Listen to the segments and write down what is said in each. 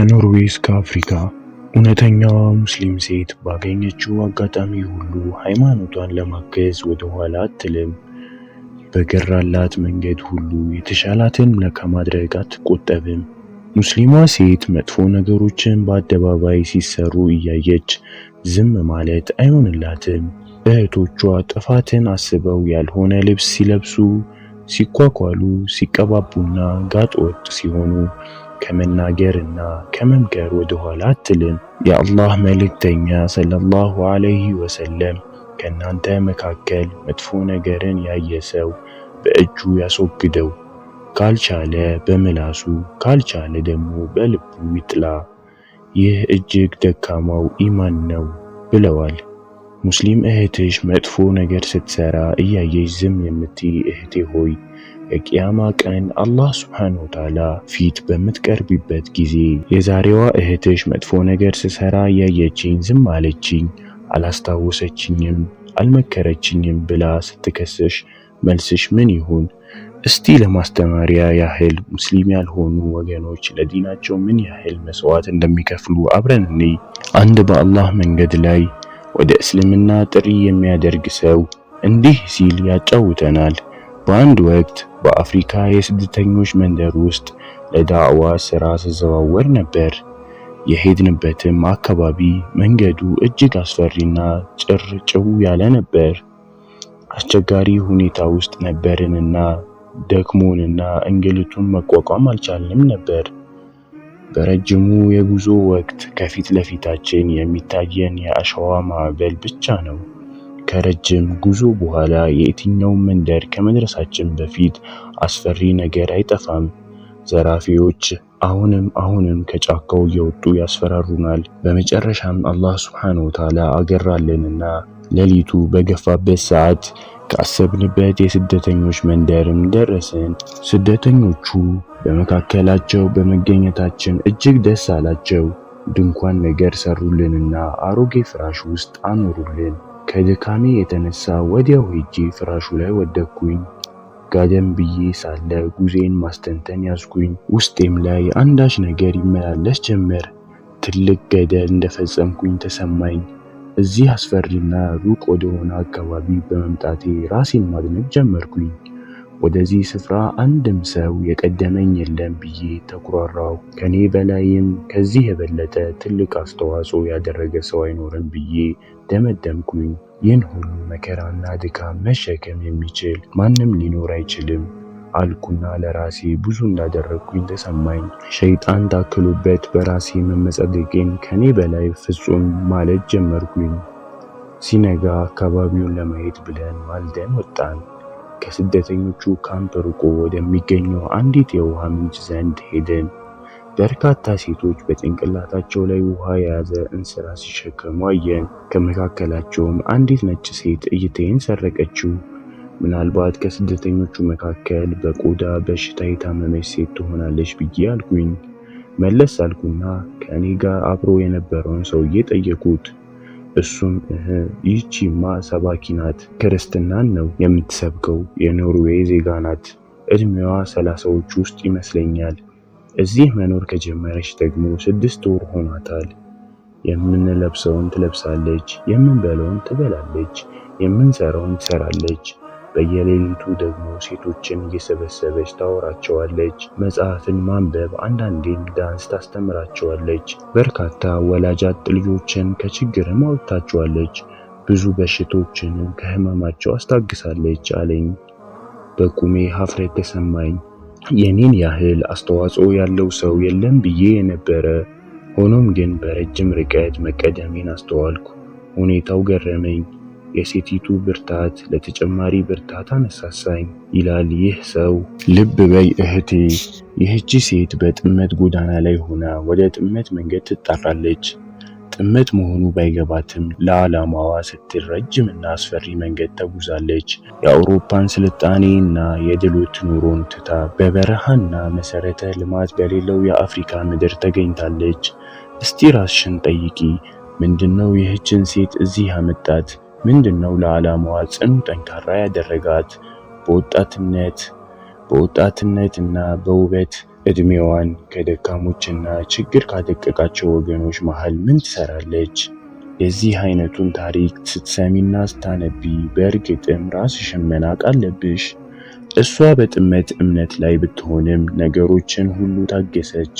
ከኖርዌይ እስከ አፍሪካ እውነተኛዋ ሙስሊም ሴት ባገኘችው አጋጣሚ ሁሉ ሃይማኖቷን ለማገዝ ወደኋላ አትልም። በገራላት መንገድ ሁሉ የተሻላትን ከማድረግ አትቆጠብም። ሙስሊሟ ሴት መጥፎ ነገሮችን በአደባባይ ሲሰሩ እያየች ዝም ማለት አይሆንላትም። እህቶቿ ጥፋትን አስበው ያልሆነ ልብስ ሲለብሱ፣ ሲኳኳሉ፣ ሲቀባቡና ጋጥ ወጥ ሲሆኑ ከመናገር እና ከመምከር ወደኋላ አትልም። የአላህ መልእክተኛ ሰለላሁ ዐለይሂ ወሰለም ከእናንተ መካከል መጥፎ ነገርን ያየ ሰው በእጁ ያስወግደው፣ ካልቻለ በምላሱ ካልቻለ ደግሞ በልቡ ይጥላ። ይህ እጅግ ደካማው ኢማን ነው ብለዋል። ሙስሊም እህትሽ መጥፎ ነገር ስትሰራ እያየሽ ዝም የምትይ እህቴ ሆይ የቅያማ ቀን አላህ ሱብሓነሁ ወተዓላ ፊት በምትቀርቢበት ጊዜ የዛሬዋ እህትሽ መጥፎ ነገር ስሰራ እያየችኝ ዝም አለችኝ፣ አላስታወሰችኝም፣ አልመከረችኝም ብላ ስትከስሽ መልስሽ ምን ይሁን? እስቲ ለማስተማሪያ ያህል ሙስሊም ያልሆኑ ወገኖች ለዲናቸው ምን ያህል መስዋዕት እንደሚከፍሉ አብረን እንይ። አንድ በአላህ መንገድ ላይ ወደ እስልምና ጥሪ የሚያደርግ ሰው እንዲህ ሲል ያጫውተናል። በአንድ ወቅት በአፍሪካ የስደተኞች መንደር ውስጥ ለዳዕዋ ሥራ ስዘዋወር ነበር። የሄድንበትም አካባቢ መንገዱ እጅግ አስፈሪና ጭርጭው ያለ ነበር። አስቸጋሪ ሁኔታ ውስጥ ነበርንና ደክሞንና እንግልቱን መቋቋም አልቻልንም ነበር። በረጅሙ የጉዞ ወቅት ከፊት ለፊታችን የሚታየን የአሸዋ ማዕበል ብቻ ነው። ከረጅም ጉዞ በኋላ የትኛውን መንደር ከመድረሳችን በፊት አስፈሪ ነገር አይጠፋም። ዘራፊዎች አሁንም አሁንም ከጫካው እየወጡ ያስፈራሩናል። በመጨረሻም አላህ ሱብሓነሁ ወተዓላ አገራልንና ሌሊቱ በገፋበት ሰዓት ካሰብንበት የስደተኞች መንደርም ደረስን። ስደተኞቹ በመካከላቸው በመገኘታችን እጅግ ደስ አላቸው። ድንኳን ነገር ሰሩልንና አሮጌ ፍራሽ ውስጥ አኖሩልን። ከድካሜ የተነሳ ወዲያው ሄጄ ፍራሹ ላይ ወደኩኝ ጋደም ብዬ ሳለ ጉዜን ማስተንተን ያዝኩኝ። ውስጤም ላይ አንዳች ነገር ይመላለስ ጀመር። ትልቅ ገደል እንደፈጸምኩኝ ተሰማኝ። እዚህ አስፈሪና ሩቅ ወደሆነ አካባቢ በመምጣቴ ራሴን ማድነቅ ጀመርኩኝ። ወደዚህ ስፍራ አንድም ሰው የቀደመኝ የለም ብዬ ተኩራራው ከኔ በላይም ከዚህ የበለጠ ትልቅ አስተዋጽኦ ያደረገ ሰው አይኖርም ብዬ ደመደምኩኝ። ይህን ሁሉ መከራና ድካም መሸከም የሚችል ማንም ሊኖር አይችልም። አልኩና ለራሴ ብዙ እንዳደረግኩኝ ተሰማኝ። ሸይጣን ታክሎበት በራሴ መመጸደቄን ከኔ በላይ ፍጹም ማለት ጀመርኩኝ። ሲነጋ አካባቢውን ለማየት ብለን ማልደን ወጣን። ከስደተኞቹ ካምፕ ርቆ ወደሚገኘው አንዲት የውሃ ምንጭ ዘንድ ሄደን፣ በርካታ ሴቶች በጭንቅላታቸው ላይ ውሃ የያዘ እንስራ ሲሸከሙ አየን። ከመካከላቸውም አንዲት ነጭ ሴት እይቴን ሰረቀችው። ምናልባት ከስደተኞቹ መካከል በቆዳ በሽታ የታመመች ሴት ትሆናለች ብዬ አልኩኝ። መለስ አልኩና ከእኔ ጋር አብሮ የነበረውን ሰውዬ ጠየቁት። እሱም እህ ይህቺማ ሰባኪ ናት፣ ክርስትናን ነው የምትሰብከው፣ የኖርዌይ ዜጋ ናት፣ እድሜዋ ሰላሳዎች ውስጥ ይመስለኛል። እዚህ መኖር ከጀመረች ደግሞ ስድስት ወር ሆኗታል። የምንለብሰውን ትለብሳለች፣ የምንበላውን ትበላለች፣ የምንሰራውን ትሰራለች። በየሌሊቱ ደግሞ ሴቶችን እየሰበሰበች ታወራቸዋለች። መጽሐፍን ማንበብ፣ አንዳንዴም ዳንስ ታስተምራቸዋለች። በርካታ ወላጅ አጥ ልጆችን ከችግርም አውጥታቸዋለች። ብዙ በሽቶችንም ከህመማቸው አስታግሳለች አለኝ። በቁሜ ሀፍረት ተሰማኝ። የኔን ያህል አስተዋጽኦ ያለው ሰው የለም ብዬ የነበረ ሆኖም ግን በረጅም ርቀት መቀደሜን አስተዋልኩ። ሁኔታው ገረመኝ። የሴቲቱ ብርታት ለተጨማሪ ብርታት አነሳሳኝ ይላል ይህ ሰው። ልብ በይ እህቴ፣ ይህቺ ሴት በጥመት ጎዳና ላይ ሆና ወደ ጥመት መንገድ ትጣራለች። ጥመት መሆኑ ባይገባትም ለዓላማዋ ስትል ረጅምና አስፈሪ መንገድ ተጉዛለች። የአውሮፓን ስልጣኔ እና የድሎት ኑሮን ትታ በበረሃና መሰረተ ልማት በሌለው የአፍሪካ ምድር ተገኝታለች። እስቲ ራስሽን ጠይቂ፣ ምንድነው ይህችን ሴት እዚህ ያመጣት? ምንድነው ለዓላማዋ ጽኑ ጠንካራ ያደረጋት? በወጣትነት በወጣትነትና በውበት እድሜዋን ከደካሞችና ችግር ካደቀቃቸው ወገኖች መሃል ምን ትሰራለች? የዚህ አይነቱን ታሪክ ስትሰሚና ስታነቢ በእርግጥም ራስሽን መናቅ አለብሽ። እሷ በጥመት እምነት ላይ ብትሆንም ነገሮችን ሁሉ ታገሰች፣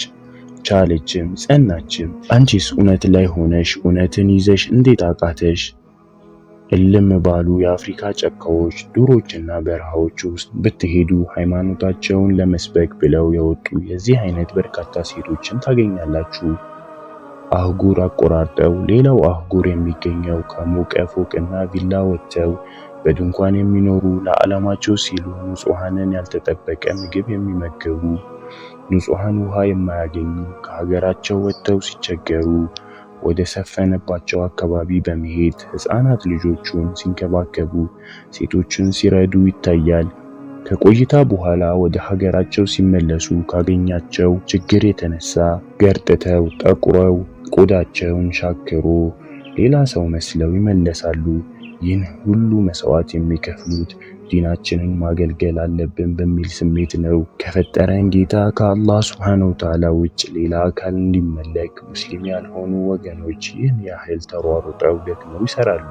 ቻለችም፣ ጸናችም። አንቺስ እውነት ላይ ሆነሽ እውነትን ይዘሽ እንዴት አቃተሽ? እልም ባሉ የአፍሪካ ጫካዎች፣ ዱሮችና በረሃዎች ውስጥ ብትሄዱ ሃይማኖታቸውን ለመስበክ ብለው የወጡ የዚህ አይነት በርካታ ሴቶችን ታገኛላችሁ። አህጉር አቆራርጠው ሌላው አህጉር የሚገኘው ከሞቀ ፎቅና ቪላ ወጥተው በድንኳን የሚኖሩ ለዓላማቸው ሲሉ ንጹሐንን ያልተጠበቀ ምግብ የሚመገቡ ንጹሐን ውሃ የማያገኙ ከሀገራቸው ወጥተው ሲቸገሩ ወደ ሰፈነባቸው አካባቢ በመሄድ ሕፃናት ልጆቹን ሲንከባከቡ፣ ሴቶችን ሲረዱ ይታያል። ከቆይታ በኋላ ወደ ሀገራቸው ሲመለሱ ካገኛቸው ችግር የተነሳ ገርጥተው፣ ጠቁረው፣ ቆዳቸውን ሻክሮ ሌላ ሰው መስለው ይመለሳሉ። ይህን ሁሉ መስዋዕት የሚከፍሉት ዲናችንን ማገልገል አለብን በሚል ስሜት ነው። ከፈጠረን ጌታ ከአላህ ሱብሓነሁ ወተዓላ ውጭ ሌላ አካል እንዲመለክ ሙስሊም ያልሆኑ ወገኖች ይህን ያህል ተሯሩጠው ደክመው ይሰራሉ።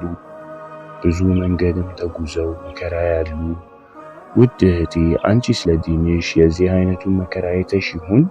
ብዙ መንገድም ተጉዘው መከራ ያሉ። ውድ እህቴ አንቺ ስለ ዲንሽ የዚህ አይነቱ መከራ የተሽ ይሁን